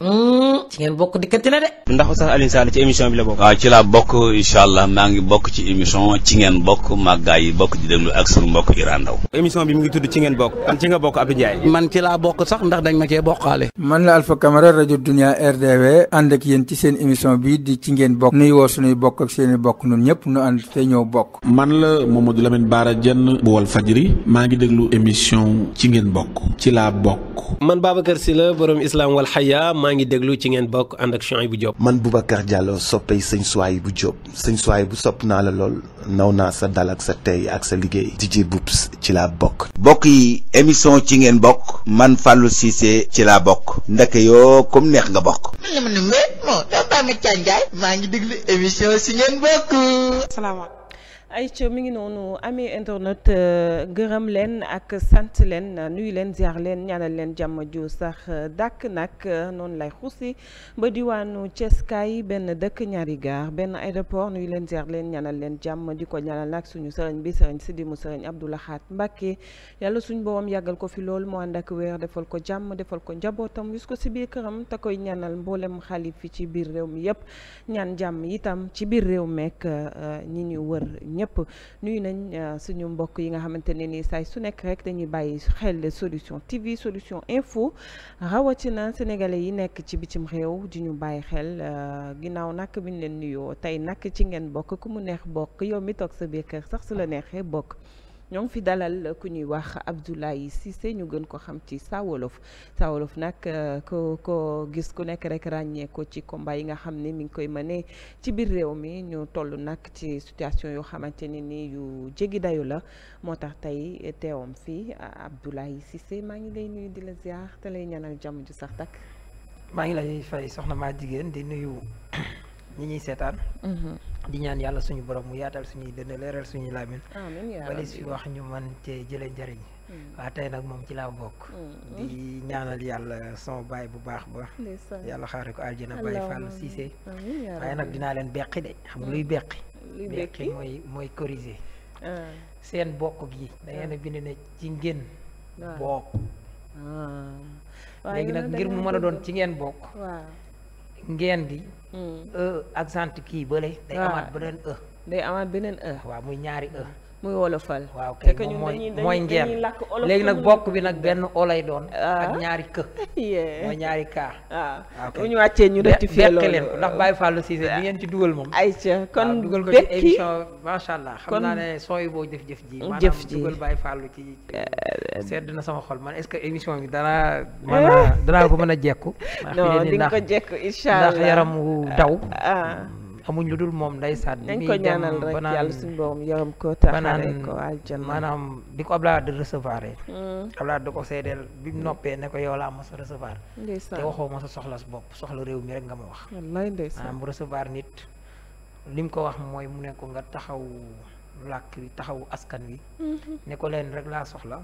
Mm. ci ngeen bokk dikkati la de. ndax sax Alioune Sall ci émission bi la bokk. waaw ci laa bokk incha allah maa ngi bokk ci émission ci ngeen bokk màggaay yi di ci ngeen bokk. am ci nga bokk man bokk sax ndax dañ ma cee bokkaale. la Alpha rajo Dunia RDV ànd ak yéen ci seen émission bi di ci ngeen bokk. nuy woo suñuy bokk ak seen bokk ñun ñëpp ñu ànd te ñëw bokk. man la Mamadou Lamine Bara Dieng bu Walf Fadjri maa ngi déglu émission ci ngeen bokk ci laa bokk. man Babacar Sylla borom islam wal xaya maa ngi déglu ci ngeen ngeen bokk ànd ak Souhaïbou Diop. man Boubacar Diallo soppey sëñ Souhaïbou Diop bu sopp naa la lool naw naa sa dal ak sa tey ak sa liggéey. DJ Boubs ci la bokk. bokk yi émission ci ngeen bokk. man Fallou Cissé ci laa bokk. ndeke yoo comme neex nga bokk. man la ma ne mais bon dafa am maa ngi déglu émission si ngeen bokk. ay ayca mi ngi noonu amee internet euh, gërëm leen ak sant leen nuyu leen ziar leen ñaanal leen jàmm ju sax dàkk nag noonu lay xuusi ba diwaanu Thiès kaay benn dëkk ñaari gaar benn aéroport nuyu leen ziar leen ñaanal leen jàmm di ko ñaanal nag suñu sëriñ bi sëriñ Sidi mu sëriñ Abdou Lahad Mbacké yàlla suñu borom yàggal ko fi loolu moo ànd ak weer defal ko jàmm defal ko njabootam su ko si biir këram te koy ñanal mboolem xalif fi ci biir réew mi yëpp ñan jàmm itam ci biir réew meek euh, ñi ñu wër ñëpp nuyu nañ euh, suñu mbokk yi nga xamante ne nii saay su nekk rek dañuy bàyyi xel solution TV solution info rawatina sénégalais yi nekk ci bitim réew di ñu bàyyi xel euh, ginnaaw nag bi ñu leen nuyoo tey nag ci ngeen bokk ku mu neex bokk yow mi toog sa biir kër sax su la neexee bokk. ñoo ngi fi dalal ku ñuy wax Abdoulaye Cissé ñu gën ko xam ci Sawolof Sawolof nag euh, ko ko gis ku nekk rek ràññee ci combat yi nga xam ni mi ngi koy mënee ci biir réew mi ñu toll nag ci situation yoo xamante ne ni yu jéggi dayu la moo tax tey teewam fii Abdoulaye Cissé maa ngi lay nuyu di la ziar te lay ñaanal jàmm ju sax takk maa ngi lay fay soxna maa jigéen di nuyu ñu ñuy seetaan. Mm-hmm. di ñaan yàlla suñu borom mu yaatal suñuy dënn leeral suñuy laamin. bali si wax ñu man cee jëlee njëriñ. Mm. waa tey nag moom ci laa bokk. Mm-hmm. di ñaanal yàlla sama baay bu baax ba. yàlla xaare ko aljana Baye Fallou Cissé. waaye nag dinaa leen beqi de xam mm. mooy mooy ah. seen bokk gi. da ah. a bind ne ci ngeen. Ah. bokk. léegi ngir mu mën a doon ci ngeen bokk. ngeen gi hmm. e accent kii bële day amaat beneen e day amaat beneen e. muy ñaari e. muy wolofal. waaw kay moom mooy ngeer léegi nag bokk bi nag benn olay doon. ak ah. ñaari kë. mooy ñaari ah. ah, kaa. waaw ñu wàccee ñu rectifié loolu bekk leen ndax Baye Fallou Cissé ngeen ci dugal moom. ayca kon dugal ko macha allah. xam sooy boo jëf jëf jëf ji maanaam dugal Baye Fallou ci. Eh, eh. sedd na sama xol man est-ce que émission bi dana eh. maanaam danaa ko mën a jekku. non di nga ko jekku ndax yaram wu daw. amuñ lu dul moom ndeysaan. dañ ko ñaanal rek yàlla suñu borom yërëm ko taxaare ko aljanna maanaam bi ko Abdoulaye di recevoir yi. Mm. Abdoulaye da ko seedeel bi mu noppee ne ko yow laa mos a recevoir. ndeysaan te waxoo mos a soxla su bopp soxla réew mi rek nga ma wax. wallaay ndeysaan nit. li ko wax mooy mu ne ko nga taxaw làkk wi taxaw askan wi. Mm-hmm. ne ko leen rek laa soxla.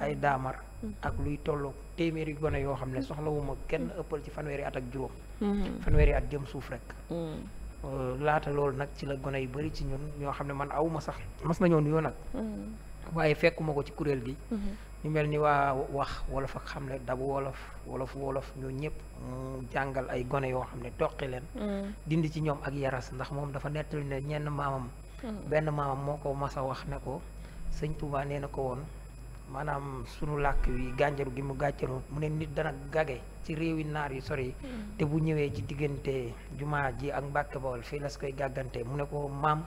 ay daamar mm-hmm. ak luy tolloog téeméeri gone yoo xam ne soxlawuma kenn ëppal ci fanweeri at ak juróom mm-hmm. fanweeri at jëm suuf rek mm. Euh, laata loolu nag ci la gone yu bari ci ñun ñoo xam ne man aw ma sax mas nañoo nuyoo nag. Mm-hmm. waaye fekkuma ko ci kuréel gi. Mm-hmm. ñu mel ni waa wax wolof ak xam ne dabu wolof wolof wolof ñoo ñëpp mu jàngal ay gone yoo xam ne toqi leen. Mm-hmm. dindi ci ñoom ak yaras ndax moom dafa nettali ne ñenn maamam. benn maamam moo ko mas a wax ne ko sëñ Touba nee na ko woon. maanaam sunu làkk wi gànjaru gi mu gàccaroo mu ne nit dana gage ci réewi naar yu yi mm. te bu ñëwee ci diggante jumaa ji ak Mbàkke Bawol fii las koy gàggantee mu ne ko maam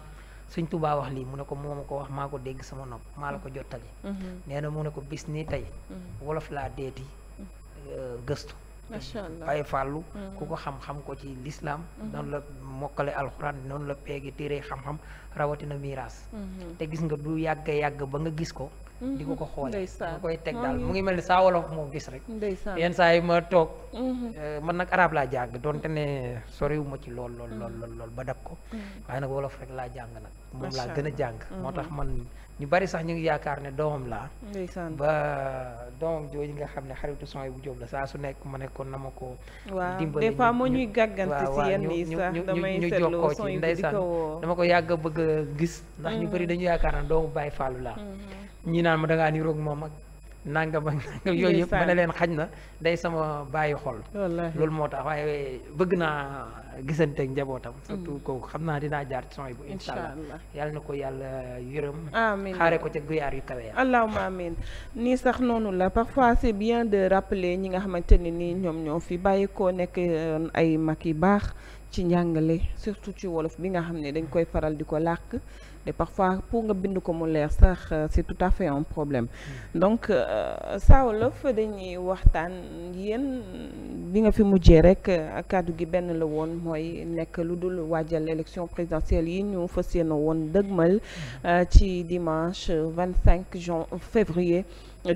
Sëñ Tuubaa wax lii mu ne ko mooma ko wax maa ko dégg sama nopp maa ko jottali mm-hmm. nee na mu ne ko bis nii tey mm-hmm. wolof laa deeti mm-hmm. gëstu macha allah Baye Fallou ko xam-xam ko noonu la mokkale alxuraan noonu la peegi téere xam-xam rawatina miiraas te gis nga du yàgg yàgg ba nga gis ko Mm-hmm. di ko ko xoolee ma koy teg daal mm-hmm. mu ngi mel ni saa wolof moo gis rek yenn saa yi ma toog mm-hmm. eh, man nag arab laa jàng donte ne soriwu ma ci lool lool lool lool ba dab ko waaye nag wolof rek laa jàng nag moom laa gën a jàng moo tax man ñu bari sax ñu ngi yaakaar ne doomam laa ba doomam jooju nga xam ne xaritu son yi bu jóob la saa su nekk ma nekkoon na ma ko dimbali des fois moo ñuy gàggante si yenn yi sax damay dama ko yàgg a bëgg a gis ndax ñu bari dañu yaakaar ne doomu Baay laa ñi naan ma da ngaa niroog moom ak nangam ak nangam yooyu ma ne leen xaj na day sama bàyyi xol loolu moo tax waaye bëgg naa gisanteek ak njabootam mm. surtout kooku xam naa dinaa jaar ci son bu insha allah yàlla na ko yàlla yërëm amiin xaare ko ca guyaar yu kawe allahumma amiin nii sax noonu la parfois c'est bien de rappeler ñi nga xamante ne nii ñoom ñoo fi bàyyi koo nekk euh, ay mag yu baax ci njàngale surtout ci wolof bi nga xam ne dañ koy faral di ko làkk et parfois pour nga bind ko mu leer sax euh, c'est tout à fait un problème donc Saa euh, Wolof dañuy waxtaan yéen bi nga fi mujjee rek euh, kàddu gi benn la woon mooy nekk lu dul waajal élection présidentielle yi ñu fas yéene woon dëgmal ci dimanche vingt cinq juin février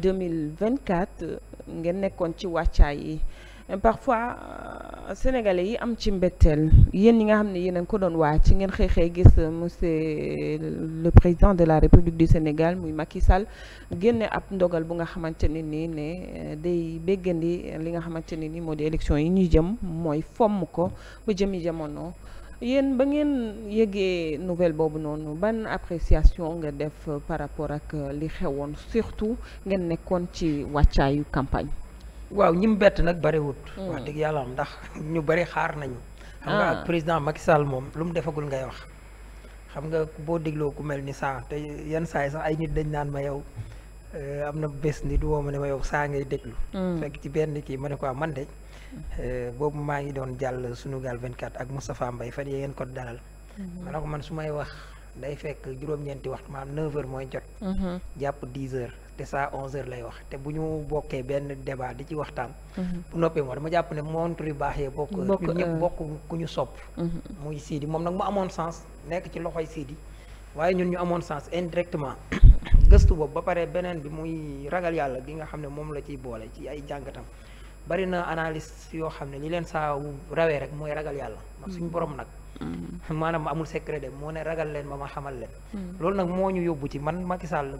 deux mille vingt quatre ngeen nekkoon ci wàccaay yi. Euh, parfois euh, sénégalais yi am ci mbetteel yéen ñi nga xam ne yéen a ngi ko doon wàcc ngeen xëy xëy gis euh, monsieur le président de la république du Sénégal muy Macky Sall génne ab ndogal bu nga xamante ni nii ne day béggandi li nga xamante ni nii moo di élection yi ñuy jëm mooy fomm ko ba jëmmi jamono. yéen ba ngeen yëgee nouvelle boobu noonu ban appréciation nga def par rapport ak li xewoon surtout ngeen nekkoon ci wàccaayu campagne. waaw ñi mu bett nag bariwut. Hmm. wax dëgg yàlla am ndax ñu bari xaar nañu. xam nga ak ah. président Macky Sall moom lu mu defagul ngay wax. xam nga boo dégloo ku mel ni saa te yenn saa yi sax ay nit dañ naan ma yow euh, am na bés nit woo ma ne ma yow saa ngay déglu. Hmm. fekk ci benn kii ma ne ko ah, man de. Hmm. Euh, boobu maa ngi doon jàll vingt 24 ak Moustapha mbay fa yee ngeen ko dalal. ma ne ko man su may wax day fekk juróom-ñeenti waxtu maanaam 9 mooy jot. jàpp te saa 11h lay wax te bu ñu bokkee benn débat di ci waxtaan. Mhm. bu noppee moo dama jàpp ne montre yu baax yee bokk. ñu ñëpp euh, ku ñu sopp. Mhm. muy Sidi moom nag mu amoon sens nekk ci loxoy Sidi waaye ñun ñu amoon sens indirectement gëstu boobu ba pare beneen bi muy ragal yàlla gi nga xam ne moom la ciy boole ci ay jàngatam bari na analyse yoo xam ne li leen saa rawee rek ragal yàlla. ndax suñu mhm. nag. maanaam amul secret de moo ne ragal leen ba ma xamal leen. loolu nag moo ñu yóbbu ci man Macky Sall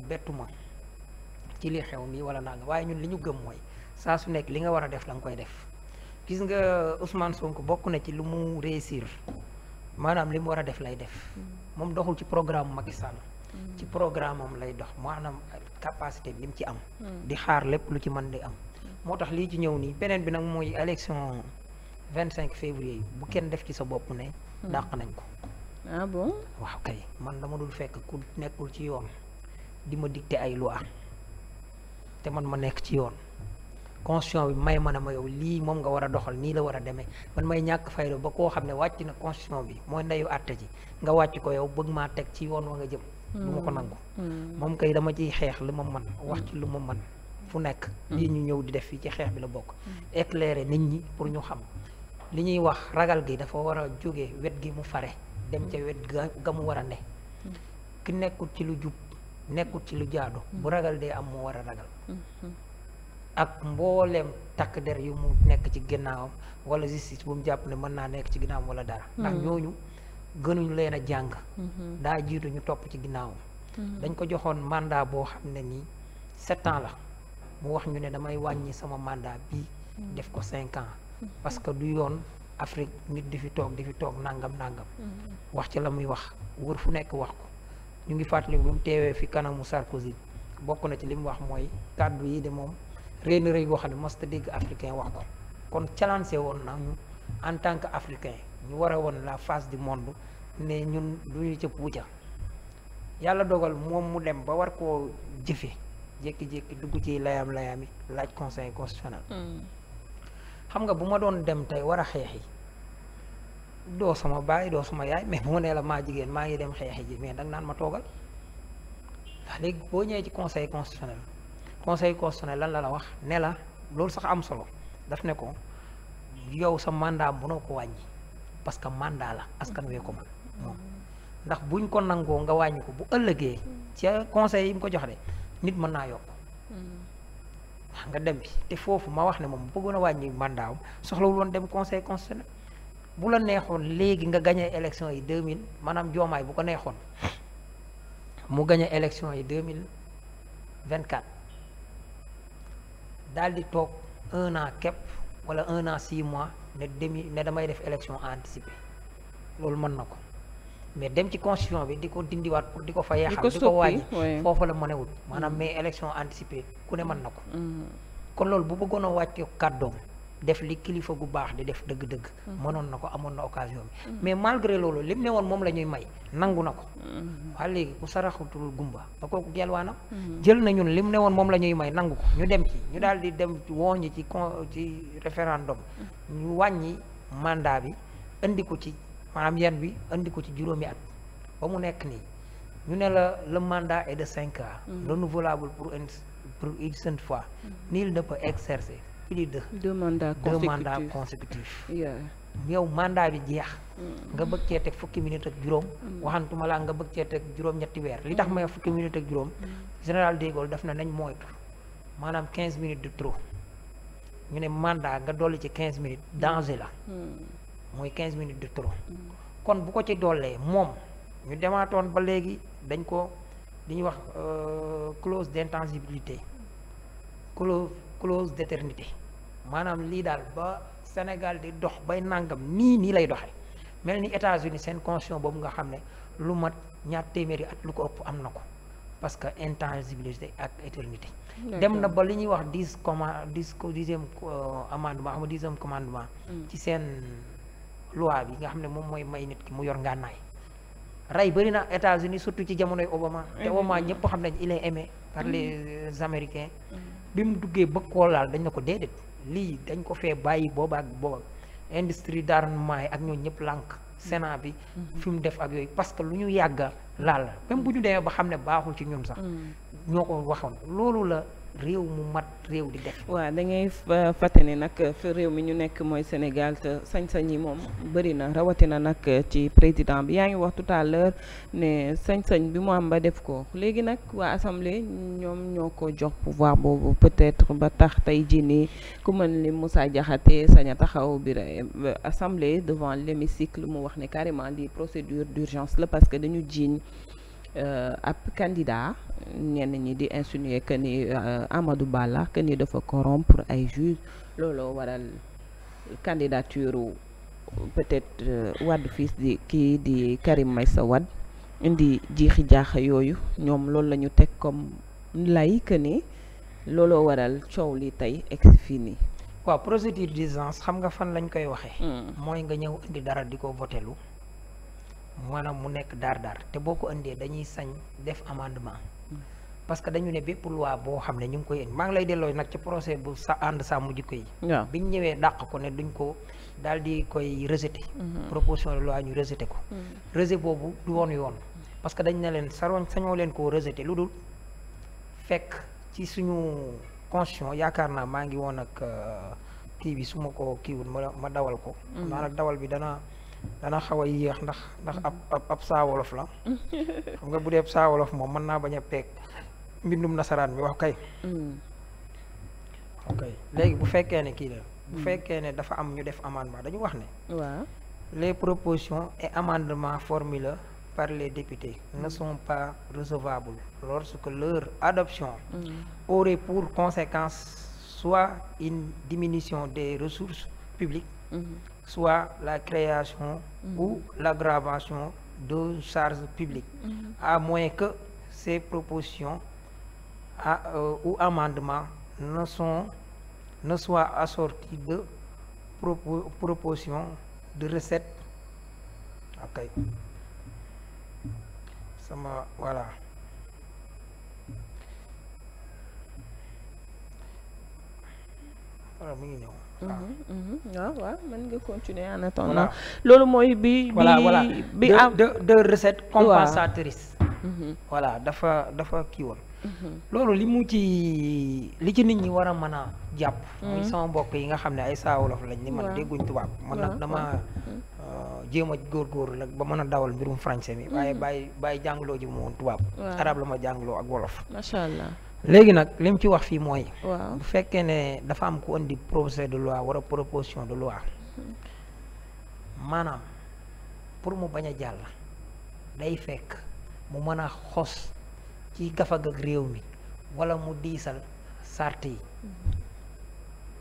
ci lii xew mi wala nanga waaye ñun li ñu gëm mooy saa su nekk li nga war a def la koy def gis nga Ousmane Sonko bokk na ci lu mu réussir maanaam li mu war a def lay def moom doxul ci programme Macky Sall ci programme am lay dox maanaam capacité bi mu ci am di xaar lépp lu ci man di am moo tax lii ci ñëw nii beneen bi nag mooy élection vingt cinq février yi bu kenn def ci sa bopp ne dàq nañ ko ah bon waaw kay man dama dul fekk ku nekkul ci yoon di ma dicté ay loi te man ma nekk ci yoon constitution bi may ma ne ma yow lii moom nga war a doxal nii la war a demee man may ñàkk fayda ba koo xam ne wàcc na constitution bi mooy ndeyu àtte ji nga wàcc ko yow bëgg maa teg ci yoon wa nga jëm du ma ko hmm. nangu hmm. moom kay dama ciy xeex li ma man wax ci lu ma man hmm. fu nekk lii ñu ñëw di def fii ci xeex bi la bokk éclairer nit ñi pour ñu xam li ñuy wax ragal gi dafa war a jóge wet gi mu fare dem ca wet ga ga mu war a ne ki nekkut ci lu jub nekkut ci lu jaadu bu ragal dee am mu war a ragal ak mbooleem takk der yu mu nekk ci ginnaawam wala justice bu mu jàpp ne mën naa nekk ci ginnaawam wala dara. Hmm. ndax ñooñu gënuñu leen a jàng. Hmm. daa jiitu ñu topp ci ginnaawam. Hmm. dañ ko joxoon mandat boo xam ne nii sept la mu wax ñu ne damay wàññi sama mandat bii. def ko cinq ans. parce que du yoon Afrique nit di fi toog di fi toog nangam nangam. wax ci la muy wax wuur fu nekk wax ko ñu ngi fàttali bu mu teewee fi kanamu Sarkozy. bokk na ci li mu wax mooy kàddu yi de moom réy na réy xam ne mos ta dégg africain wax ko kon challengé woon nañu en tant que africain ñu war a woon la face du monde ne ñun du ñu yàlla dogal moom mu dem ba war koo jëfe jékki dugg ci layam layami laaj conseil hmm. xam nga bu ma doon dem tey war a xeexi doo sama baay doo sama yaay mais bu ma nee la maa jigéen maa ngi dem xeex yi mais danga naan ma toogal ndax léegi boo ñëwee ci conseil constitutionnel conseil constitutionnel lan la la wax ne la loolu sax am solo daf ne ko yow sa mandat mënoo ko wàññi parce que mandat la askan wee ko man moom ndax buñ ko nangoo nga wàññi ko bu ëllëgee ci conseil yi mu ko jox de nit mën naa yokk wax hmm. nga dem bi te foofu ma wax ne moom bëggoon a wàññi mandaam soxlawul woon dem conseil constitutionnel bu la neexoon léegi nga gagné élection yi 2000 maanaam joomaay bu ko neexoon mu gañe élection yi deux mille vingt quatre daal di toog un an képp wala un an six mois ne demi ne damay def élection anticipée loolu mën na ko mais dem ci constitution bi di ko dindiwaat pour di ko fa yeexal di ko wàññi foofu la mënewul maanaam mm. mais élection anticipée ku ne mën na ko mm. kon loolu bu bëggoon a wàcce kàddoom def li kilifa gu baax di def dëgg-dëgg. Mm-hmm. mënoon na ko amoon na occasion bi. Mm-hmm. mais malgré loolu lim ne woon moom la ñuy may nangu na ko. Mm-hmm. waa léegi ku saraxutul gumba ba kooku gelwaanam jël na ñun lim ne woon moom la ñuy may nangu ko ñu dem ci ñu daal di dem wooñ ci con ci référendum. ñu wàññi mandat bi indi ko ci maanaam yan bi indi ko ci juróomi at ba mu nekk nii ñu ne la le mandat et de cinq ans. renouvelable pour une pour une seule fois. nul ne peut exercer. plus de deux mandats consécutifs yow mandat bi jeex mm. nga bëgg cee teg fukki minute ak juróom mm. waxantuma laa nga bëgg cee ak juróom ñetti weer li tax may fukki minute ak juróom mm. général de Gaulle daf na nañ moytu maanaam quinze minutes de trop ñu ne mandat nga dolli ci quinze minutes danger la mooy quinze minutes de trop kon bu ko ci dollee moom ñu demaatoon ba léegi dañ ko li ñuy wax euh, clause d'intangibilité clause clause d'éternité maanaam lii daal ba Sénégal di dox bay nangam nii nii lay doxee mel ni États-Unis seen constitution boobu nga xam ne lu mat ñaar téeméeri at lu ko ëpp am na ko parce que intangibilité ak éternité dem na ba lu ñuy wax dix command dix dixième euh, amendement xam nga dixième commandement mm. ci seen loi bi nga xam ne moom mooy may nit ki mu yor ngànnaay rey bëri na États-Unis surtout ci jamonoy Obama te Obama ñëpp xam nañ il est aimé par mm. les Américains mm. bi mu duggee bëgg koo laal dañ na ko déedéet lii dañ ko fee bàyyi booba ak booba industrie d'armement yi ak ñooñ ñëpp lànk Sénat bi mm-hmm. fi mu def ak yooyu parce que lu ñu yàgga laal la même bu ñu demee ba xam ne baaxul ci ñun sax mm-hmm. ñoo ko waxoon loolu la réew mu mat réew di def. waaw da ngay euh, fàtte ni nag fi réew mi ñu nekk mooy Sénégal sañ-sañ yi moom bëri na rawatina nag euh, ci président bi yaa ngi wax tout ne sañ-sañ bi mu am ba def ko léegi nag waa assemblée ñoom ñoo ko jox pouvoir boobu peut-être ba tax tey jii nii ku mën li Moussa Diakhaté sañ a taxaw biir euh, assemblée devant l'hémicycle mu wax ne carrément lii procédure d'urgence la parce que dañu jiiñ Euh, ab candidat ñenn ñi di insinuer que ni euh, Amadou Ba la que ni dafa corrompre ay juge looloo waral candidature peut-être euh, Wade fils di kii di Karim sa Wade indi jiixi jaaxa yooyu ñoom loolu la ñu teg comme lay que ni looloo waral coow lii tey ex fii nii. waaw di d'urgence xam nga fan lañ koy waxee. Hmm. mooy nga ñëw indi dara di ko votelu maanaam mu nekk daar daar te boo ko indee dañuy sañ def amendement mm. parce que dañu ne bépp loi boo xam ne ñu ngi koy indi maa ngi lay delloo nag ci procès bu sa ànd sàmm jikko yi bi ñu ñëwee dàq ko ne duñ ko daal di koy rejeté mm-hmm. proposition de loi ñu rejeté ko mm. rejet boobu du woon yoon parce que dañ ne leen saroon sañoo leen koo rejeté lu dul fekk ci suñu constitution yaakaar naa maa ngi woon ak kii euh, bi su ma ko kiiwul ma ma dawal ko mm. naa nag dawal bi dana dana xaw a yéex ndax ndax ab mm-hmm. ab ab saawolof la xam nga bu dee saawolof moom mën naa bañ a peeg mbindum nasaraan mi wax kay ok mm. léegi bu fekkee ne kii la bu mm. fekkee ne dafa am ñu def amendement dañu wax ni les propositions et amendements formulés par les députés mm. ne son pas recevables lorsque leur adoption aurait pour conséquence soit une diminution des ressources publiques mm-hmm. soit la création mm mm-hmm. la ou de charge publiques mm-hmm. à moins que ces propositions à, euh, ou amendements ne sont ne soient assortis de propos, propositions de recettes ok sama voilà voilà mu ngi ñëw waaw mhm, mhm. ah, waaw mën nga continuer en attendant. loolu mooy bi. voilà bi am de de recette compensatrice. Mhm. voilà dafa dafa kii woon. loolu li mu ci li ci nit ñi war a mën a jàpp. muy sama mbokk yi nga xam ne ay saa wolof lañ. ni man dégguñ tubaab man nag dama. Euh, jéem a góorgóorlu nag ba mën a dawal mbirum français mi. waaye bàyyi bàyyi jàngloo ji mu woon tubaab. arab la ma jàngloo ak wolof. léegi nag li mu ci wax fii mooy. bu fekkee ne dafa am ku indi projet de loi wala proposition de loi maanaam pour mu bañ a jàll day fekk mu mën a xos ci gafag réew mi walla mu diisal sart yi. Mm-hmm.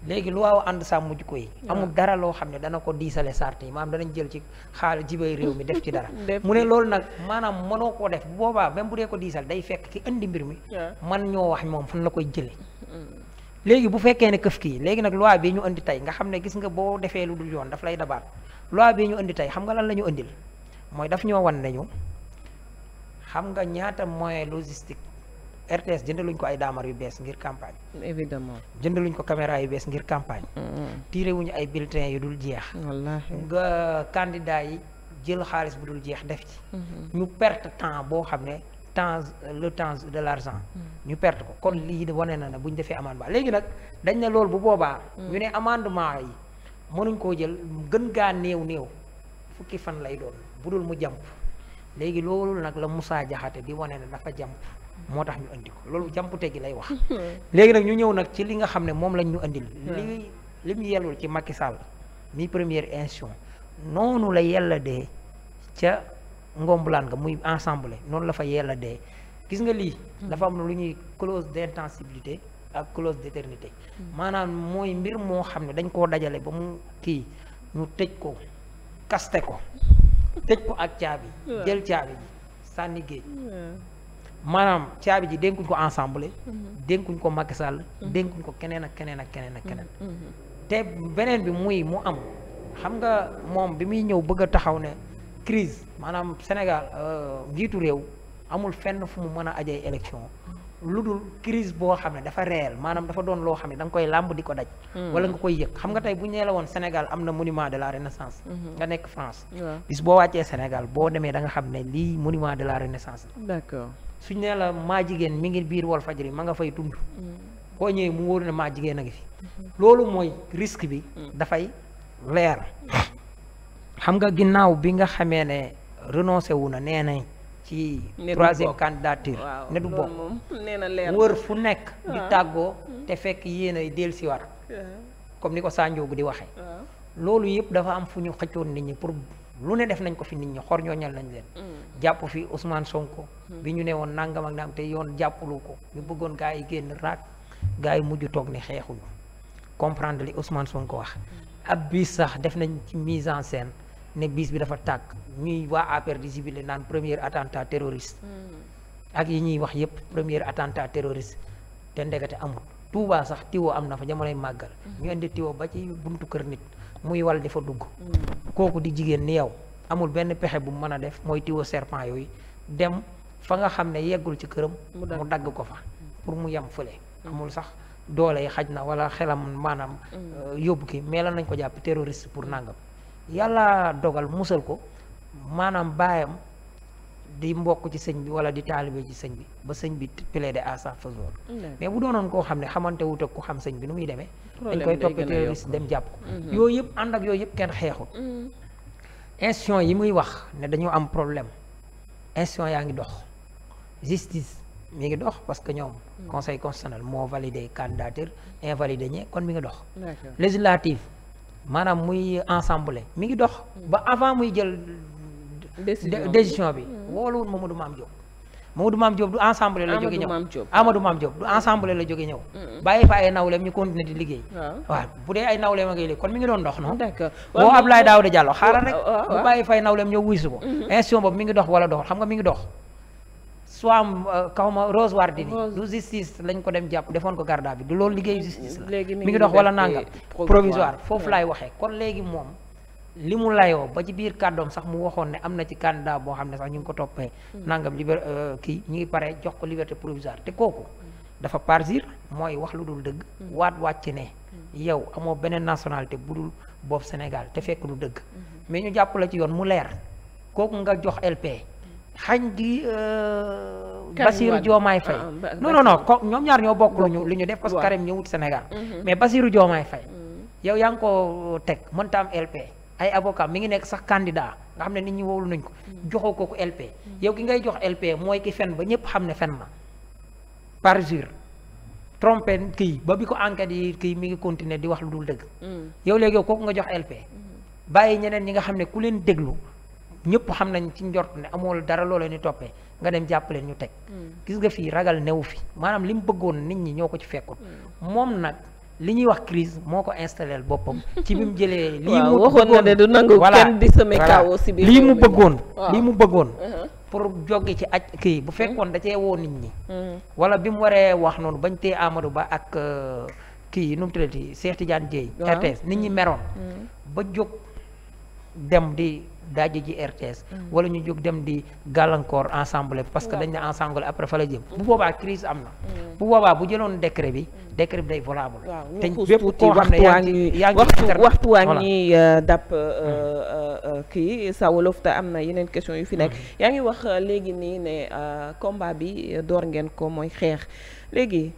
léegi lu waaw ànd sàmm jikko yi amul dara loo xam ne dana ko diisale sart yi maanaam danañ jël ci xaalis jibay réew mi def ci dara mu ne loolu nag maanaam mënoo koo def bu boobaa même bu dee ko diisal day fekk ki indi mbir mi man ñoo wax moom fan la koy jële mm. léegi bu fekkee ne këf kii léegi nag loi bi ñu indi tey nga xam ne gis nga boo defee lu dul yoon daf lay dabaat loi bi ñu indi tey xam nga lan la ñu indil mooy daf ñoo wan nañu xam nga ñaata moyen logistique RTS jëndaluñ ko ay daamar yu bees ngir campagne. évidemment jëndaluñ ko caméra yu bees ngir campagne. Mm, mm. tiire wuñu ay bulletins yu dul jeex. wallaahi nga candidat yi jël xaalis bu dul jeex def ci. Mm, ñu perte temps boo xam ne temps le temps de l' argent. ñu perte ko kon lii wane na na bu ñu defee amendement léegi nag dañ ne loolu bu boobaa. ñu ne amendement yi mënuñ koo jël gën gaa néew néew fukki fan lay doon bu dul mu jàmp léegi loolu nag la Moussa jaxate di wane ne dafa jàmp moo tax ñu indi ko loolu jàmpute gi lay wax. léegi nag ñu ñëw nag ci li nga xam ne moom lañ ñu andil. Hmm. li li mu yellul ci Macky Sall mi première institution noonu la yella dee ca ngombulaan nga muy ensemble noonu la fa yella dee gis nga lii. Hmm. dafa am na lu ñuy clause d'intangibilité ak clause d'éternité. Hmm. maanaam mooy mbir moo xam ne dañ koo dajale ba mu kii ñu tëj ko kaste ko tëj ko ak caabi. jël caabi ji sànni géej. maanaam caabi ji dénkuñ ko ensemble. Mhm. dénkuñ ko Macky Sall. Mhm. dénkuñ ko keneen ak keneen ak keneen ak keneen. Mhm. te beneen bi muy mu am xam nga moom bi muy ñëw bëgg a taxaw ne crise maanaam Sénégal euh, njiitu réew amul fenn fu mu mën a ajee élection lu dul crise boo xam ne dafa réel maanaam dafa doon loo xam ne da nga koy làmb di ko daj. wala nga koy yëg xam nga tey bu ñu nee la woon Sénégal am na monument de la renaissance. nga nekk France. bis boo wàccee Sénégal boo demee da nga xam ne lii monument de la renaissance. d'accord. suñ nee la maa jigéen mi ngi biir wal fajri ma nga fay dund mm. boo ñëwee mu wóor na maa jigéen a ngi fi mm-hmm. loolu mooy risque bi mm. dafay leer mm. xam nga ginnaaw bi nga xamee ne renoncé wu na nee nañ ci troisième candidature ne du bokk wër fu nekk di ah. tàggoo te fekk yéen ay del si war ah. comme ni ko Sanjoogu di waxee ah. loolu yëpp dafa am fu ñu xëccoon nit ñi pour lu ne def nañ ko fi nit ñi xor ñooñal nañ leen mm. jàpp fi Ousmane Sonko mm. bi ñu ne woon nangam ak nangam te yoon jàppalu ko ñu bëggoon gaa yi génn raak gaa yi mujj toog ne xeexuñu comprendre li sonk wax ab biis sax def nañ ci mise en scène ne biis bi dafa tàkk ñuy waa APR di jibile naan première attentat terroriste mm. ak yi ñuy wax yépp premier attentat terroriste te ndegete amul Touba sax tiwo am na fa jamonoy màggal ñu indi tiwo ba ci buntu kër nit muy wal di fa dugg mm. kooku di jigéen ni yow amul benn pexe bu mu mën a def mooy tiwo serpent yooyu dem fa nga xam ne yeggul ci këram mu dagg ko fa mm. pour mu yem fële mm. amul sax doole yi xaj na wala xelam maanaam euh, yóbbu ki mais lan nañ ko jàpp terroriste pour nàngam yàlla dogal musal ko maanaam baayam di mbokk ci sëñ bi wala di taalibe ci sëñ bi ba sëñ bi plaidé à sa faveur mais bu doonoon koo xam ne xamante wut ak ku xam sëñ bi nu muy demee dañ koy topp terroriste dem jàpp ko mhm. yooyu yëpp ànd ak yooyu yëpp kenn xeexul mhm. institution yi muy wax ne dañoo am problème institution yaa ngi dox justice mi ngi dox parce que ñoom mhm. conseil constitutionnel moo validé candidature invalidé ñe kon mi ngi dox législative maanaam muy ensemble mi ngi dox ba avant muy jël décision bi hmm. wooluwul Mamadou Mame Diop Mamadou Mame Diop du ensemble la jóge du ensemble la jóge ñëw hmm. bàyyi fa ay nawleem ñu continuer di liggéey bu dee ay nawleem a ngay mi ngi doon dox noonu boo Abdoulaye Daouda Diallo ko hmm. institution boobu mi ngi dox wala dox xam mi ngi dox soam euh, kaw ma Rose Wardini du justice lañ ko dem jàpp defoon ko la mi ngi provisoire foofu laay waxee kon léegi moom li mu layoo ba ci biir kàddoom sax mu waxoon ne am na ci candidat boo xam ne sax ñu ngi ko toppee hmm. nangam liber euh, kii ñu ngi pare jox ko liberté provisoire te kooku dafa partir mooy wax lu dul dëgg hmm. waat wàcc ne hmm. yow amoo beneen nationalité bu dul boobu Sénégal te fekk du dëgg mais ñu jàpp la ci yoon mu leer kooku nga jox LP xañ gi euh, Bassirou Diomaye Faye ah, non non ko ñoom ñaar ñoo bokk lu ñu li ñu def parce que Karim ñëwut Sénégal mm-hmm. mais Bassirou Diomaye Faye mm. yow yaa ngi ko teg mënta am LP ay avocat mi ngi nekk sax candidat nga xam ne nit ñi wóolu nañ ko joxoo kooku LP yow ki ngay jox LP mooy ki fen ba ñëpp xam ne fen na parjure trompé kii ba bi ko enquête yi kii mi ngi continuer di wax lu dul dëgg mm. yow léegi yow kooku nga jox LP mm-hmm. bàyyi ñeneen ñi nga xam ne ku leen déglu ñëpp xam nañ ci njort ne amul dara loo leen di toppee nga dem jàpp leen ñu teg mm. gis nga fii ragal newu fi maanaam li mu bëggoon nit ñi ñoo ko ci fekkut mm. moom li ñuy wax crise moo ko installé boppam ci bi mu jëlee lii mu waxoon na ne du nangu lii mu bëggoon lii mu bëggoon pour jóge ci aj kii bu fekkoon da cee woo nit ñi mm-hmm. wala bi mu waree wax noonu bañ tee Amadou Ba ak uh, kii nu mu tuddati Cheikh Tidiane Dieye nit ñi meroon mm-hmm. ba jóg dem di daaje ji RTS. Mm. wala ñu jóg dem di gàllankoor ensemble parce que dañ ne ensemble après fa la jëm. bu boobaa crise am na. Mm. bu boobaa bu jëloon décret bi. Mm. décret bi day volable. te bépp koo xam ne yaa ngi yaa ngi waxtu waa ngi euh, dàpp euh, euh, kii sa wolof te am na yeneen question yu fi nekk. yaa ngi wax léegi nii ne combat bi door ngeen ko mooy xeex léegi.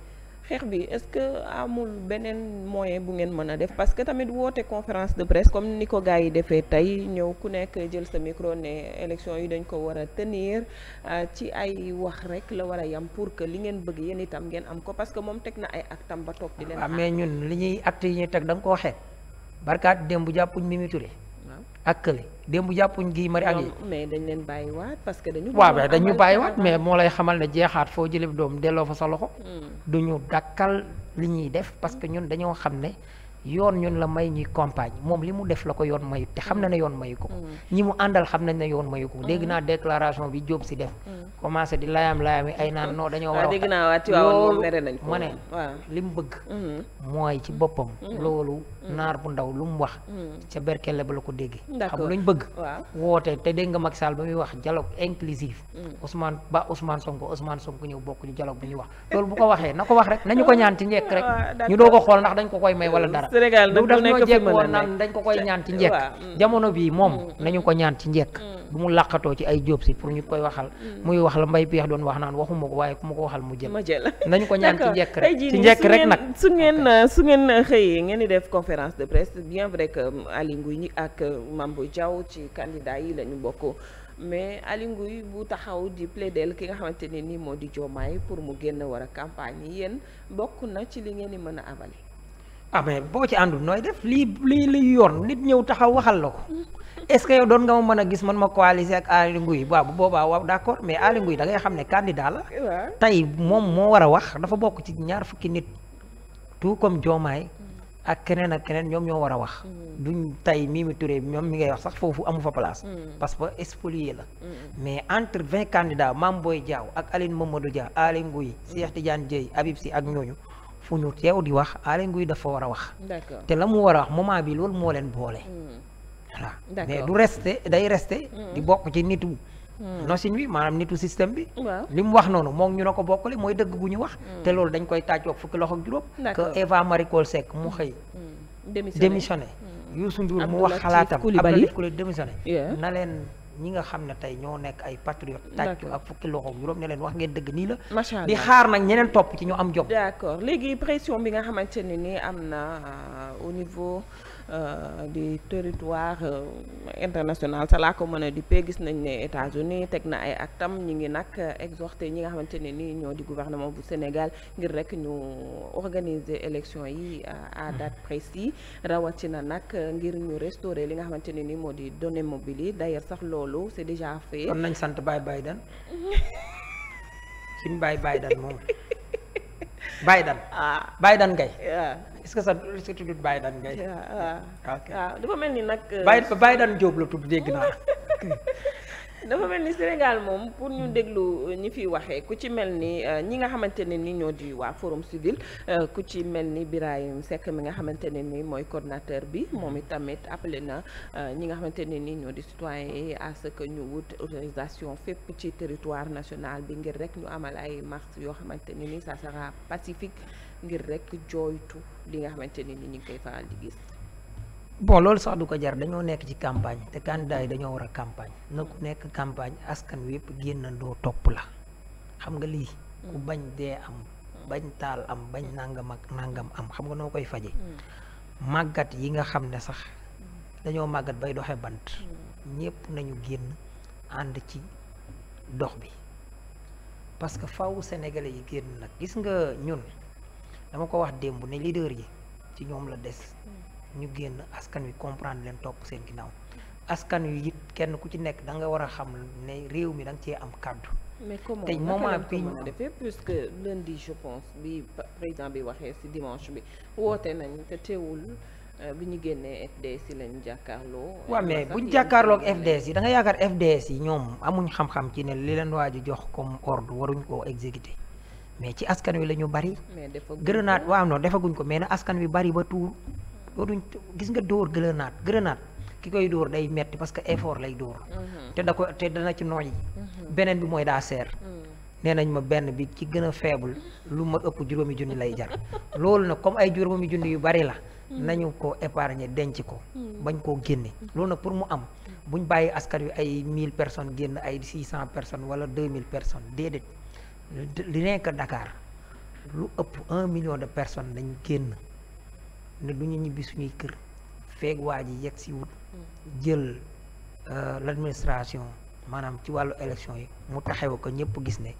xeex bi est-ce que amul beneen moyen bu ngeen mën a def parce que tamit woote conférence de presse comme ni ko gars yi defee tey ñëw ku nekk jël sa micro ne élection yi dañ ko war a tenir euh, ci ay wax rek la war a yam pour que li ngeen bëgg yéen itam ngeen am ko parce que moom teg na ay actam ba toog di leen. mais ñun li ñuy acte yi ñuy teg danga ko waxee xeeb barkaat démb jàppuñ Mimi Touré ak kële démb jàppuñ gi mari ak yi mais dañ leen bàyyiwaat parce que dañu. waaw mais dañu bàyyiwaat mais moo lay xamal ne jeexaat foo jëlee doom delloo fa sa loxo. Hmm. du ñu dakkal li ñuy def parce que ñun dañoo xam ne. yoon ñun la may ñuy compagne moom li mu def la ko yoon mayu te xam na ne yoon mayu ko mm. ñi mu àndal xam nañ ne yoon mayu ko dégg mm. naa déclaration bi Diop si def mm. commencé di layaam layaam yi ay naan non dañoo ah, war a dégg naa waa Tiwaawoon li mu bëgg mm-hmm. mooy ci boppam mm-hmm. loolu mm-hmm. naar bu ndaw lu mu wax ca berkelle ba la ko déggee xam luñ bëgg woote te dégg nga Macky Sall ba muy wax dialogue inclusif Ousmane ba Ousmane Sonko Ousmane Sonko ñëw bokk ñu dialogue bu ñu wax loolu bu ko waxee na ko wax rek nañu ko ñaan ci njëkk rek ñu doo ko xool ndax dañ ko koy may wala dara Sénégal nag lu nekk fi mu naan dañ ko koy ñaan ci njekk mm. jamono bii moom mm. nañu ko ñaan ci njekk mm. bu mu làqatoo ci ay jóob pour ñu koy waxal muy wax la mbay peex doon wax naan waxuma ko waaye ku ma ko waxal mu jël nañu ko ñaan ci njekk rek ci njekk rek nag su ngeen su xëyee ngeen di def conférence de presse bien vrai que um, Aly Ngouille ak um, Mame Boye Diao ci candidat yi lañu bokk mais Aly Ngouille bu taxaw di plaidel ki nga xamante ne nii moo di Diomaye pour mu génn war a campagne yi yéen bokk na ci li ngeen di mën a avali amee ah, boo ci àndul nooy def lii lii lii yoon nit ñëw taxaw waxal la ko est-ce que yow doon nga ma mën a gis man ma coaliser ak Aly Ngouille waaw bu boobaa waaw d'accord mais Aly Ngouille da xam ne candidat tey moom moo war a wax dafa bokk ci ñaar fukki nit tout comme Diomaye ak keneen ak keneen ñoom war a wax. Mm. duñ tey Mimi Touré ñoom mi ngay wax sax foofu amu fa mm. parce que spolié la. Mm. mais entre vingt candidats Mame Boye Diao ak Aline Mamadou Dia Aly Ngouille Cheikh Tidiane Dièye Habib Sy ak ñooñu. fu ñu teew di wax Aly Ngouille dafa war a wax. te la mu war a wax moment bi loolu moo leen boole. Hmm. voilà mais du reste day resté. Hmm. di bokk ci nitu. nosin hmm. wi maanaam nitu système bi. li mu wax noonu moom ñu ne ko bokk bokkale mooy dëgg gu ñu wax. te loolu dañ koy tàccoog fukki loxo juróom. que Eva Marie Coll Seck mu xëy. démissionné Youssou Ndour mu wax xalaatam Abdoulaye Coulibaly démissionné na leen. ñi nga xam ne tey ñoo nekk ay patriote tàccu ak fukki loxo juróom ne leen wax ngeen dëgg nii la macha di xaar nag ñeneen topp ci ñu am jom d'accord léegi pression bi nga xamante ne ni am na euh, au niveau Euh, di territoire euh, international sa laa ko mën a di pee gis nañ ne États-Unis teg na ay actam ñi ngi nag exhorté ñi nga xamante ne ni ñoo di gouvernement bu Sénégal ngir rek ñu organiser élection yi euh, à date précise na nag ngir ñu restaurer li nga xamante ne ni moo di données mobiles yi d'ailleurs sax loolu c'est déjà fait. kon nañ sant Baye Biden. suñ Baye Biden moom. Baye Dan. waaw Baye Dan Gaye. est ce que sa est ce que tudd ngay Dan Gaye. waaw waaw dafa mel ni nag. Baye Baye Dan Diop la tudd dégg naa. dafa mel ni Sénégal moom pour ñu déglu ñi fiy waxee ku ci mel ni euh, ñi nga xamante ne ni ñoo di waa forum civil euh, ku ci mel ni Birahim Seck mi nga xamante ne ni mooy coordinateur bi moom itamit appelé na euh, ñi nga xamante ne ni ñoo di citoyen yi à que ñu wut autorisation fépp ci territoire national bi ngir rek ñu amal ay marche yoo xamante ne ni ça sera pacifique ngir rek jooytu di nga xamante ne ni ñu ngi koy faral di gis. bon loolu sax du ko jar dañoo nekk ci campagne te candidat dañoo war a campagne nag ku nekk campagne askan wi yëpp génnandoo topp la xam nga lii ku bañ dee am bañ taal am bañ nangam nangam am xam nga noo koy faje mm. màggat yi nga xam ne sax dañoo màggat bay doxe bant mm. ñépp nañu génn ànd ci dox bi parce que faw sénégalais yi génn nag gis nga ñun dama ko wax démb ne leader yi ci ñoom la des mm. ñu génn askan wi comprendre leen topp seen ginnaaw askan wi it kenn ku ci nekk da nga war a xam ne réew mi da nga cee am kàddu. mais comment tey moment bi ñu defee puisque lundi je pense bi président bi waxee ci dimanche bi woote nañ te euh, bi ñu génnee FDS yi lañ jàkkaarloo. waaw mais bu ñu jàkkaarloo ak FDS yi da nga yaakaar FDS yi ñoom amuñ xam-xam ci ne li leen waaju jox comme ordre waruñ koo exécuter mais ci askan wi la ñu bari. mais grenade waaw non defaguñ ko mais na askan wi bari ba tuur. dootuñ gis nga dóor grenade grenade ki koy dóor day metti parce que effort lay dóor mm-hmm. te da ko te dana ci nooy mm-hmm. beneen bi mooy daa seer mm. nee nañ ma benn bi ci gën a faible lu ma ëpp juróomi junni lay jar loolu nag comme ay juróomi junni yu bari la mm. nañu ko épargner denc ko mm. bañ koo génne loolu nag pour mu am buñ bàyyi askan wi ay mille personnes génn ay six cent personnes wala deux mille personnes déedéet li nekk Dakar lu ëpp un million de personnes dañ génn ne du ñu ñibbi suñuy kër feeg waa ji yegg si wut jël euh, l'administration maanaam ci wàllu élection yi mu taxew ko ñëpp gis ne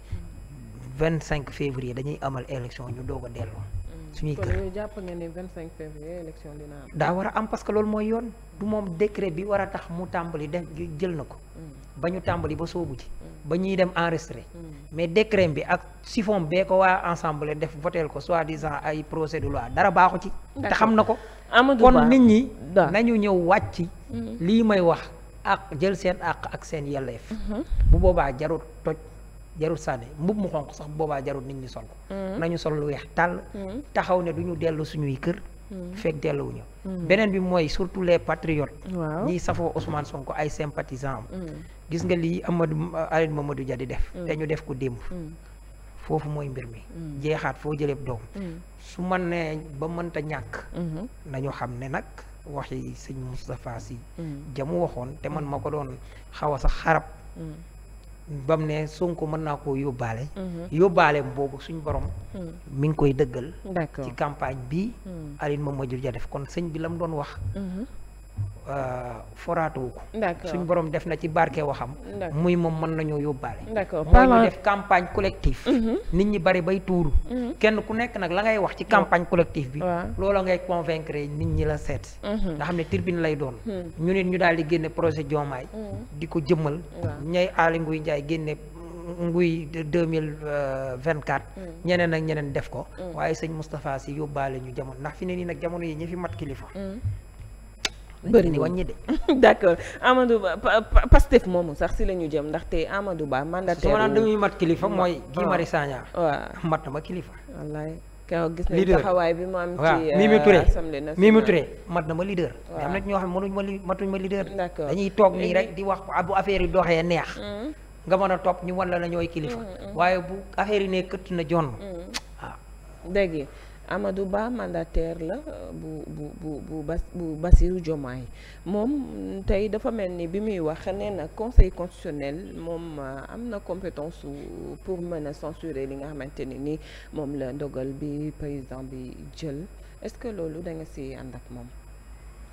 vingt cinq février dañuy amal élection ñu doog a delloo suñuy kër. kon yow jàpp nga ne 25 février am. daa war am parce que loolu mooy yoon du moom décret bi war a tax mu tàmbali def jël na ko. Mm. ba ñu tàmbali ba soobu ci. Mm. ba ñuy dem enregistré. Mm. mais décret bi ak siphon bee ko waa ensemble def voteel ko soi-disant ay procès de loi dara baaxu ci. te xam na ko. kon nit ñi. nañu ñëw wàcc. lii may wax ak jël seen àq ak seen yelleef. Mm-hmm. bu boobaa jarut toj. jarul sànni mbub mu xonq sax boobaa jarul nit ñi sol ko mm. nañu sol lu weex tàll mm. taxaw ne du ñu dellu suñuy kër mm. fekk delluwuñu beneen bi mooy surtout les patriotes ñiy safoo Ousmane Sonko ay sympathisant am gis nga lii Amadou Aline Mamadou Dia di def te ñu def ko démb foofu mooy mbir mi jeexaat foo jëlee doom su mën ne ba mënta ñàkk mm-hmm. nañu xam ne nag waxi sëñ Moustapha si jamu waxoon te man ma ko doon xaw a sax xarab ba mu ne ko mën naa koo yóbbaale. Mhm. yóbbaale boobu suñ borom. Hmm. mi ngi koy dëggal. ci campagne bi. Hmm. Aline Mamadou Dia def kon sëñ bi la mu doon wax. Mhm. Euh, foraatuwu ko suñ borom def na ci barke waxam muy moom mën nañoo yóbbaale mooy ñu def campagne collective mhm. nit ñi bari bay tuuru mhm. kenn ku nekk nag la ngay wax ci campagne collective bi loola ngay convaincre nit ñi la seet mhm. nga xam ne tirbine lay doon ñu nit ñu daal di génne projet Diomaye di ko jëmmal ñay Aly Ngouille Ndiaye génne nguy deux mille vingt quatre ñeneen ak ñeneen def ko waaye sañ Moustapha Sy yóbbaale ñu jamono ndax fi ne nii nag jamono yi ñu fi mat kilifa bëri na wàññi de d' accord Amadou Ba Pastef moomu sax si la ñu ndax ndaxte Amadou Ba mandataire. su ma naan dañuy mat kilifa mooy. Guy oh. Marius Sagna. waaw mat na ma kilifa. wallaay kaw gis nañu taxawaay bi mu am. ci euh, Mimi Touré Mimi Touré mat na ma leader. waaw ñoo xam ne ma li matuñ ma leader. d' accord dañuy toog nii rek di wax bu affaire yi doxee neex. Mm. nga man a topp ñu wan la na kilifa. Mm, mm. waaye bu affaire yi ne këtt na jonn. waaw ah. Amadou Ba mandataire la euh, bu bu bu bu bas bu Bassirou Diomaye moom tey dafa mel ni bi muy wax nee na conseil constitutionnel moom euh, am na compétence pour mën a censurer li nga xamante ne ni moom la ndogal bi paysan bi jël est-ce que loolu da nga si ànd ak moom.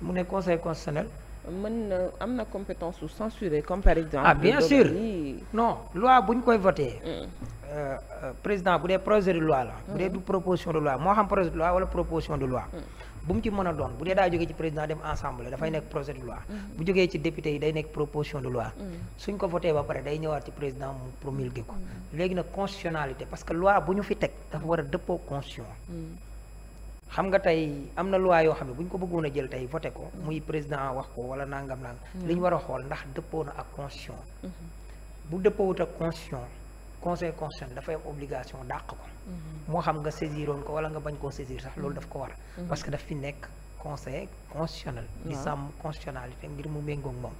mu ne conseil constitutionnel. mën na am na compétence su censurer comme par exemple. ah bien sûr non loi bu ñu koy voté. Mm. Euh, euh, président bu dee projet de loi la. bu dee mm. du proposition de loi moo xam projet de loi wala proposition de loi. Mm. bu mu ci mën a doon bu dee daa jógee ci président dem ensemble dafay nekk projet de loi. député yi day nekk proposition de loi. suñ ko voté ba pare day ñëwaat ci président mu promulgué ko. léegi na constitutionnalité parce que loi bu ñu fi teg dafa war a dëppoo constitution. xam nga tey am na loi yoo xam ne bu ñu ko bëggoon a jël tey voté ko muy président wax ko wala nangam nangam hmm. li ñu war a xool ndax dëppoo na ak constitution hmm. bu dëppoowut ak constitution conseil constitutionnel dafay obligation dàq ko hmm. moo xam nga saisiroon ko wala nga bañ koo saisir sax loolu daf ko war parce que daf fi nekk conseil constitutionnel di sàmm constitutionnalité ngir mu méngoog moom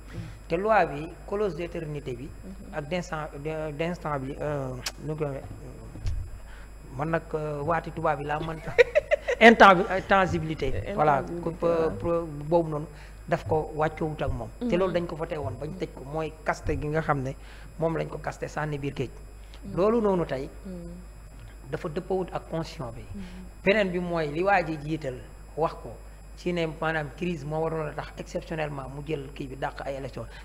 te loi bi clause d'éternité bi ak d'instant d'instant bi euh, nu euh, man nag euh, waati tubaab bi bi intangibilité voilà boobu noonu daf ko wàccoowut ak moom mm-hmm. te loolu dañ ko voté woon bañ tëj ko mooy kaste gi nga xam ne moom lañ ko kaste sànni biir géej mm-hmm. loolu noonu tey mm-hmm. dafa dëppawut ak conscience bi beneen bi mooy li waa ji jiital wax ko ci ne crise moo waroon a tax exceptionnellement mu jël kii bi dàq ay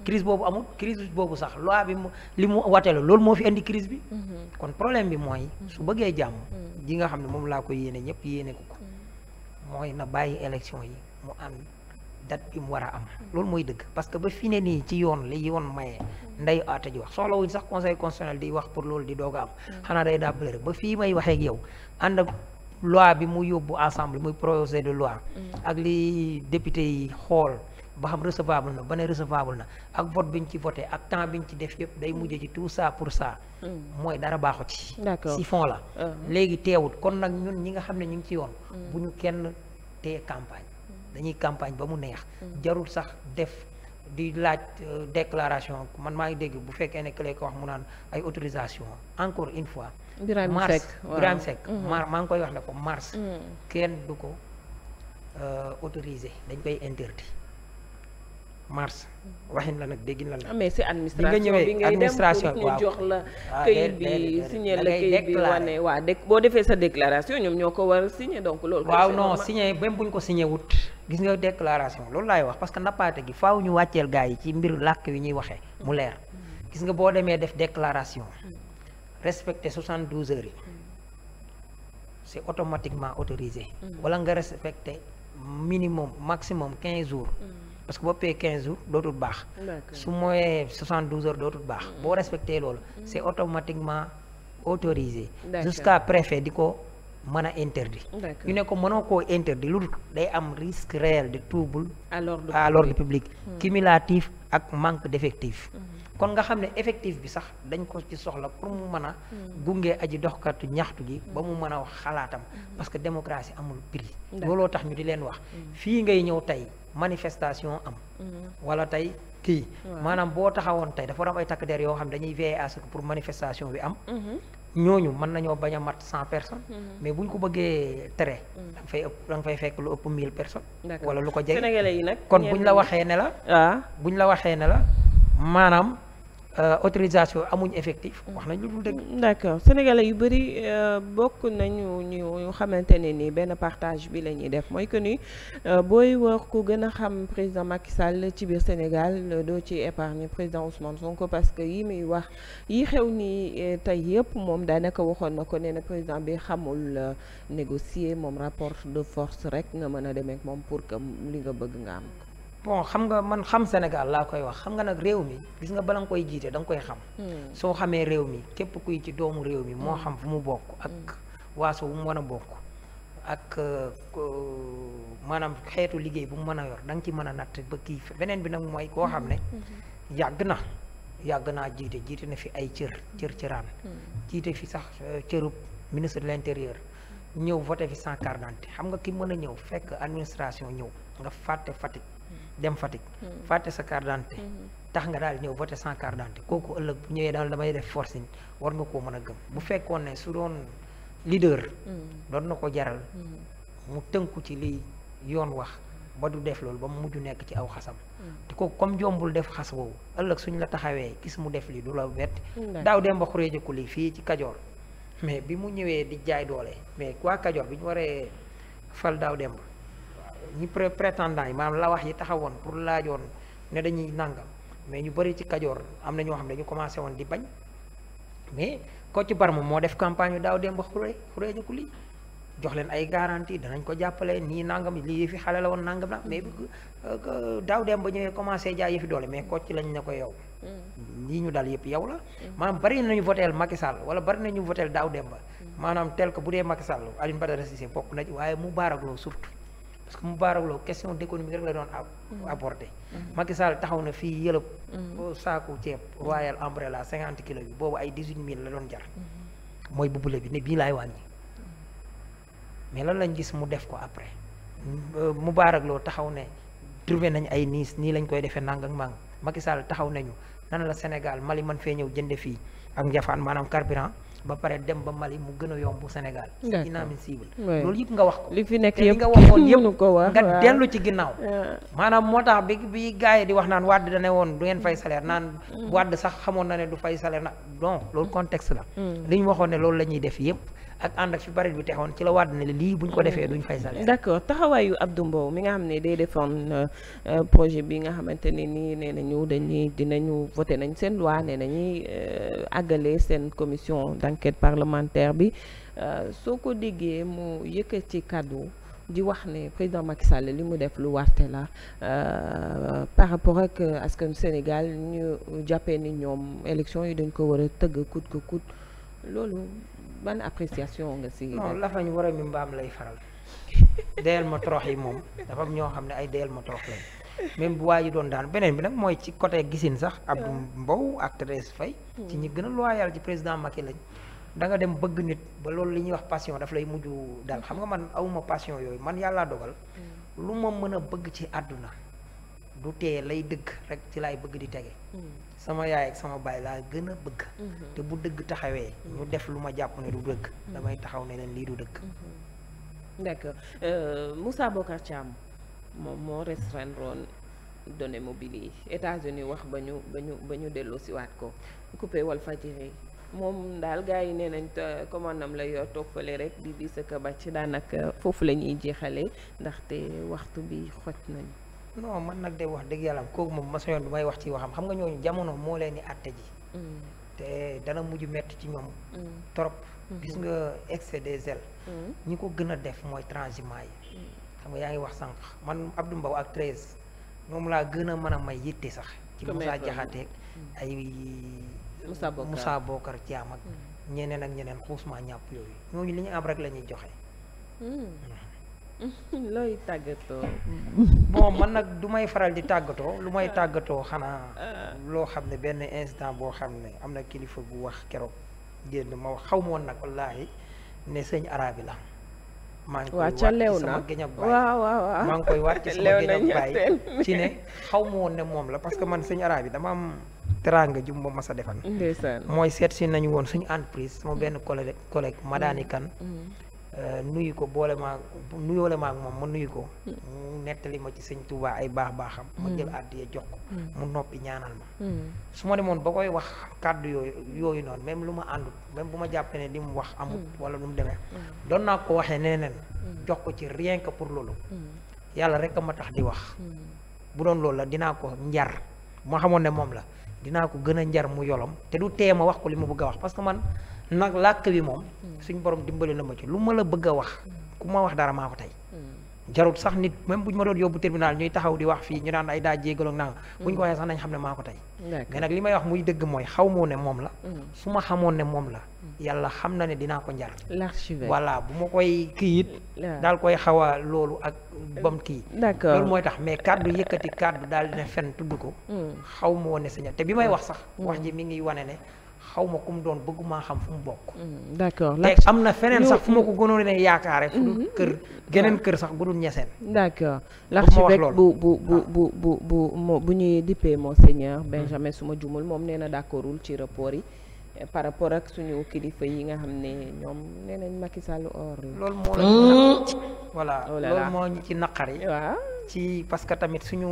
crise boobu amul crise boobu sax loi bi mu li mu loolu moo fi indi crise bi kon problème bi mooy su bëggee jàmm ji nga xam ne moom laa ko yéene ñëpp yéene ko mooy na bàyyi élection yi mu am date bi mu war a am loolu mooy dëgg parce que ba fi ne nii ci yoon li yoon maye nday aata ji wax soxla wuñ sax conseil constitutionnel di wax pour loolu di doog am mm. xanaa day dàppale rek ba fii may waxee ak yow ànd ak bi mu yóbbu assemblée muy projet de loi mm. ak lii député yi xool ba xam recevable na ba ne recevable na ak vote bi ñu ci voté ak temps bi ñu ci def yëpp day mujj ci tout ça pour ça. Mm. mooy dara baaxu ci. si fond la. Uh-huh. léegi teewut kon nag ñun ñi nga xam ne ñu ngi ci yoon. Mm. bu ñu kenn tee campagne. Mm. dañuy campagne ba mu neex. jarul sax def. di laaj euh, déclaration man maa ngi dégg bu fekkee ne clé ko wax mu naan ay autorisation encore une fois. Birame Seck Birame Seck mm-hmm. mars maa ngi koy wax ne ko mars. kenn du ko euh, autoriser dañ koy interdit. mars waxin la nag déggi na la. Ah, si administration bi ngay dem pour ñu la. Ah, kayit la kayit bi wane waaw boo defee sa déclaration ñoom ñoo ko war a donc loolu. waaw non signé même buñ ko signé wut. gis nga déclaration loolu laay wax parce que nappaate gi faw ñu wàcceel gaa yi ci mbir làkk wi ñuy waxee mu leer. gis nga boo demee def déclaration. respecté 72 heures yi. c'est automatiquement autorisé. Mm. wala nga respecté minimum maximum 15 jours. Mm. parce que boo payee 15 jours dootul baax. su mooyee 72 heures dootul baax. Mm. boo respecté loolu. c' est automatiquement autorisé. jusqu'à préfet di ko mën a interdit. ñu ne ko mënoo koo interdit lu dul day am risque réel de trouble. à l'ordre public mm. cumulatif ak manque d' mm. kon nga xam ne effective bi sax dañ ko ci soxla pour mu mën a gunge aji doxkatu ñaxtu gi ba mu mën a wax xalaatam parce que démocratie amul prix looloo tax ñu di leen wax fii ngay ñëw tey manifestation am. Mm-hmm. wala tey kii. maanaam boo taxawoon tey dafa war am ay takk der yoo xam dañuy veiller à ce pour manifestation bi am. Mm-hmm. ñooñu mën nañoo bañ a mat cent personnes. Mm-hmm. mais bu ñu ko bëggee tere. Mm. da fay ëpp da nga fay fekk lu ëpp mille personnes. wala lu ko jeg Sénégalais yi nag kon bu ñu la waxee ne la. waaw ah. bu ñu la waxee ne la maanaam. Euh, autorisation amuñ effectif. wax nañ lu dul dëgg. d'accord sénégalais yu bëri euh, bokk nañu ñu xamante ne ni benn partage bi la ñuy def mooy que ni euh, booy wax ko gën a xam président Macky Sall ci biir Sénégal doo ci épargne président Ousmane ko parce que yi muy wax yi xew nii tey yëpp moom daanaka waxoon na ko nee na président bi xamul négocier moom rapport de force rek nga mën a demee moom pour que li nga bëgg nga am bon xam nga man xam Sénégal laa koy wax xam nga nag réew mi gis nga bala nga koy jiite danga koy xam. Hmm. soo xamee réew mi képp kuy ci doomu réew mi moo hmm. xam fu mu bokk ak hmm. waaso bu mu mën a bokk ak euh, maanaam xeetu liggéey bu mu mën a yor da nga mën a natt ba kii beneen bi nag mooy koo xam ne yàgg na yàgg naa jiite jiite na fi ay cër cër cëraan jiite fi sax euh, cërub ministre de l'intérieur ñëw voté fi sans carte d'identité xam nga ki mën a ñëw fekk administration ñëw nga fàtte Fatick dem Fatick. Hmm. fàtte sa carte hmm. tax nga daal ñëw voté sans carte kooku ëllëg bu ñëwee daal damay def forcing war nga koo mën a gëm bu fekkoon ne su doon leader. Hmm. doon na ko jaral. mu tënku ci li yoon wax ba du def loolu ba mu mujj nekk ci aw xasam. te kooku comme jombul def xas woowu ëllëg suñ la taxawee gis mu def lii du la wet daaw dem ba xuree jëkku lii fii ci Kajoor. mais bi mu ñëwee di jaay doole mais waa Kajoor bi ñu waree fal daaw dem ñi prétendant yi maanaam la wax yi taxawoon pour laajoon ne dañuy nàngam mais ñu bëri ci kajoor am na ñoo xam ne dañu commencé woon di bañ mais ko ci bar moom moo def campagne yu daaw dem ba xuree xuree ñu ko lii jox leen ay garantie danañ ko jàppale nii nangam lii fi xale la woon nangam la mais daaw dem ba ñëwee commencé jaay yëfi doole mais ko ci lañ ne ko yow. Mm. lii ñu dal yëpp yow la. Mm. maanaam bari nañu voteel Macky Sall wala bari nañu voteel daaw dem mm. ba. maanaam tel ko bu dee Macky Sall Alioune Badara Cissé bokk na waaye mu baaragloo surtout. parce que Moubarak Lô question d'économie rek la doon apporté mm-hmm. mm-hmm. Macky Sall taxaw na fii yëlëb mm-hmm. saaku ceeb royal umbrella cinquante kilos bi boobu ay dix-huit mille la doon jar mooy bubbule bi ne bii laay wàññi mais lan lañ gis mu def ko après Moubarak Lô taxaw ne trouvé nañ ay niis nii lañ koy defee nang ak mang Sall taxaw nañu nana la Sénégal Mali man fee ñëw jënde fii ak njafaan maanaam carburant ba pare dem ba Mali mu gën a yombu Sénégal. c'est inadmissible. loolu yëpp nga wax ko. li fi nekk yëpp nga waxoon yëpp nga dellu ci ginnaaw. Ah. maanaam moo tax bi bi gars yi di wax naan Wade da ne woon du ngeen fay saleer naan. Mm. Wade sax xamoon na ne du fay salaire nag donc loolu mm. contexte la. Mm. li ñu waxoon ne loolu la ñuy def yëpp. ak ànd ak fi baril bi texoon ci la wàdd ne lii buñ ko defee duñ fay salaire. d'accord taxawaayu Abdou Mbow mi nga xam ne day defoon euh, projet bi nga xamante ni nii nee nañu dañuy dinañu voté nañ seen loi nee nañuy euh, àggale seen commission d'enquête parlementaire bi euh, soo ko déggee mu yëkkat ci kàddu di wax ne président Macky Sall li mu def lu warte la par rapport ak askan Sénégal ñu jàppee ni ñoom élection yi dañ ko war a tëgg coûte que coûte loolu ban appréciation nga si. non lafañ war a mi mbaam lay faral deyal ma torox yi moom dafa am ñoo xam ne ay deyal ma torox lañ même bu waa ji doon daan beneen bi nag mooy ci côté gisin sax Abdou Mbow ak Thérèse Faye ci ñi hmm. gën a loyal ci président Macky lañ danga dem bëgg nit ba loolu li ñuy wax passion daf lay mujj dal xam nga man awuma passion yooyu man yàllaa dogal hmm. lu ma mën a bëgg ci àdduna du tee lay dëgg rek ci laay bëgg di tege hmm. sama yaay ak sama baay laa gën a bëgg. Mhm. te bu dëgg taxawee. ñu mhm. def lu ma jàpp ne du dëgg. Mhm. damay taxaw ne leen lii du dëgg. d'accord euh, Moussa Bocar Thiam moom moo restreindre woon données mobiles yi états wax ba ñu ba ñu ba ñu delloosiwaat ko coupé Walfadjri moom daal gars yi nee nañ commande am la yoo toog fële rek di di ci daanaka foofu la ñuy jeexalee ndaxte waxtu bi xoj nañu. non man nag de wax dëgg yàlla kooku moom ma sa yoon du may wax ci waxam xam nga ñooñu jamono moo leen di àtte ji. Mm. te dana mujj metti ci ñoom. Mm. trop mm-hmm. gis nga excès des zèle. Mm. ñi ko gën a def mooy transhumant yi. xam nga yaa ngi wax sànq man Abdou mbaw ak Treize moom laa gën a mën a may yitte sax. ci Moussa Diakhaté ay. Moussa Bokar Moussa Bokar Thiam ak ñeneen ak ñeneen xuusma ñàpp yooyu ñooñu li ñu am rek la ñuy joxe. looy tàggatoo. bon man nag du may faral di tàggatoo lu may tàggatoo xanaa. Ah. loo xam ne benn instant boo xam ne am na kilifa gu wax keroog génn ma wax xaw ma woon nag wallaahi ne sëñ arabi la. maa ngi koy waat ci sama gëñëb maa ngi koy waat ci ne xaw ma woon ne moom la parce que man sëñ arabi dama am. teranga jum ba ma sa defal. mooy seet si nañu woon suñu entreprise sama mm. benn collègue collègue Madani Kane. Mm. Euh, nuyu ko boole maa nuyoole maa ak moom ma nuyu ko. Hmm. mu nettali ma ci sëñ Touba ay baax baaxam. ma hmm. jël àddiya jox ko. Hmm. mu noppi ñaanal ma. su ma demoon ba koy wax kàddu yooyu yooyu noonu même lu ma àndut même bu ma jàppee ne li mu wax amut. wala lu mu demee. doon naa ko waxee neneen jox ko ci rien que pour loolu. yàlla rek a ma tax di wax. bu doon loolu la dinaa ko njar ma xamoon ne moom la dinaa ko gën a njar mu yolom te du tee ma wax ko li ma bëgg a wax parce que man. nag làkk bi moom suñ borom dimbali na ma ci lu ma la bëgg a wax ku ma wax dara maa ko tey jarut sax nit même bu ñu ma doon yóbbu tribunal ñuy taxaw di wax fii ñu naan ay daa jéegaloog naa bu ñu ko waxee sax nañ xam ne maa ko tey mais nag li may wax muy dëgg mooy xaw moo ne moom la mm. su ma xamoon ne moom la yàlla xam na ne dinaa ko njar voilà bu ma koy kii it daal koy xaw a loolu ak bam kii mooy tax mais kàddu yëkkati kàddu daal dina fen tudd ko mm. xaw moo ne sañal bi may mm. wax sax wax ji mi ngi wane ne xaw ma ku mu doon bëggumaa xam fu mu bokk. Mm, d'accord te am na feneen sax fu ma ko gënoon ne yaakaare. fu dul mm-hmm. kër geneen kër sax bu dul ñeseen. d'accord l'archevêque bu bu bu ah. bu bu bu bu ñuy dippee monseigneur mm. Benjamin suma jumul moom nee na d'accordul ci rapport yi. Eh, par rapport ak suñu kilifa yi nga xam ne ñoom nee nañ Macky Sall or la. loolu moo la mm. voilà oh loolu moo ñu ci naqari. waaw ci parce tamit suñu.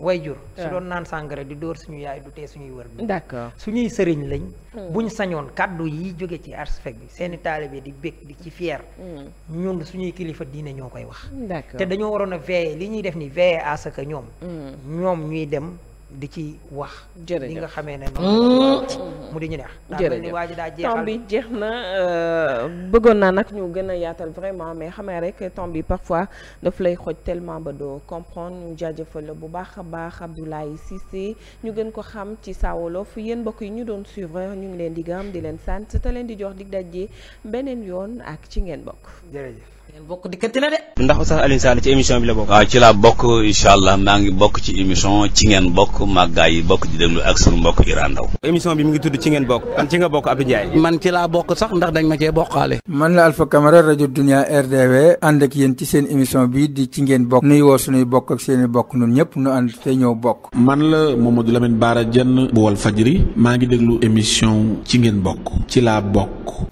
way jur su ah. doon naan sàngara di dóor suñu yaay du tee suñuy wër bi d'accord suñuy sëriñ lañ hmm. buñ sañoon kàddu yi jóge ci archevêque bi seeni taalibe di bég di ci fier hmm. ñun suñuy kilifa diine ñoo koy wax te dañoo waroon a veiller li ñuy def ni veiller à ce ñoom hmm. ñoom ñuy dem di ci wax. jërëjëf li nga xamee ne noonu. Mm. mu di ñu neex. jërëjëf waa ji daa jeexal jeex na euh, bëggoon naa nag ñu gën a yaatal vraiment mais xamee rek temps bi parfois daf lay xoj tellement ba doo comprendre ñu jaajëfal la bu baax a baax Abdoulaye Cissé ñu gën ko xam ci Saa Wolof yéen mbokk yi ñu doon suivre ñu ngi leen di gërëm di leen sant te leen di jox dig dajee beneen yoon ak ci ngeen bokk. jërëjëf. bokk dikkati na de. ndax Oustaz Alioune Sall ci émission bi la bokk. waaw ci laa bokk incha allah maa ngi bokk ci émission ci ngeen bokk màggaay yi bokk di sunu mbokk Iran Ndaw. émission bi mi ngi tudd ci ngeen bokk kon ci nga bokk Abdou man laa bokk sax ndax dañ ma cee bokkaale. man la Alpha Camara rajo Dunia RDV ànd ak yéen ci seen émission bi di ci ngeen bokk. nuy woo sunuy bokk ak seen i bokk ñun ñëpp nu ànd see ñëw bokk. man la moo Mamadou Lamine Bara Dieng bu ri maa ngi déglu émission ci ngeen bokk ci laa bokk.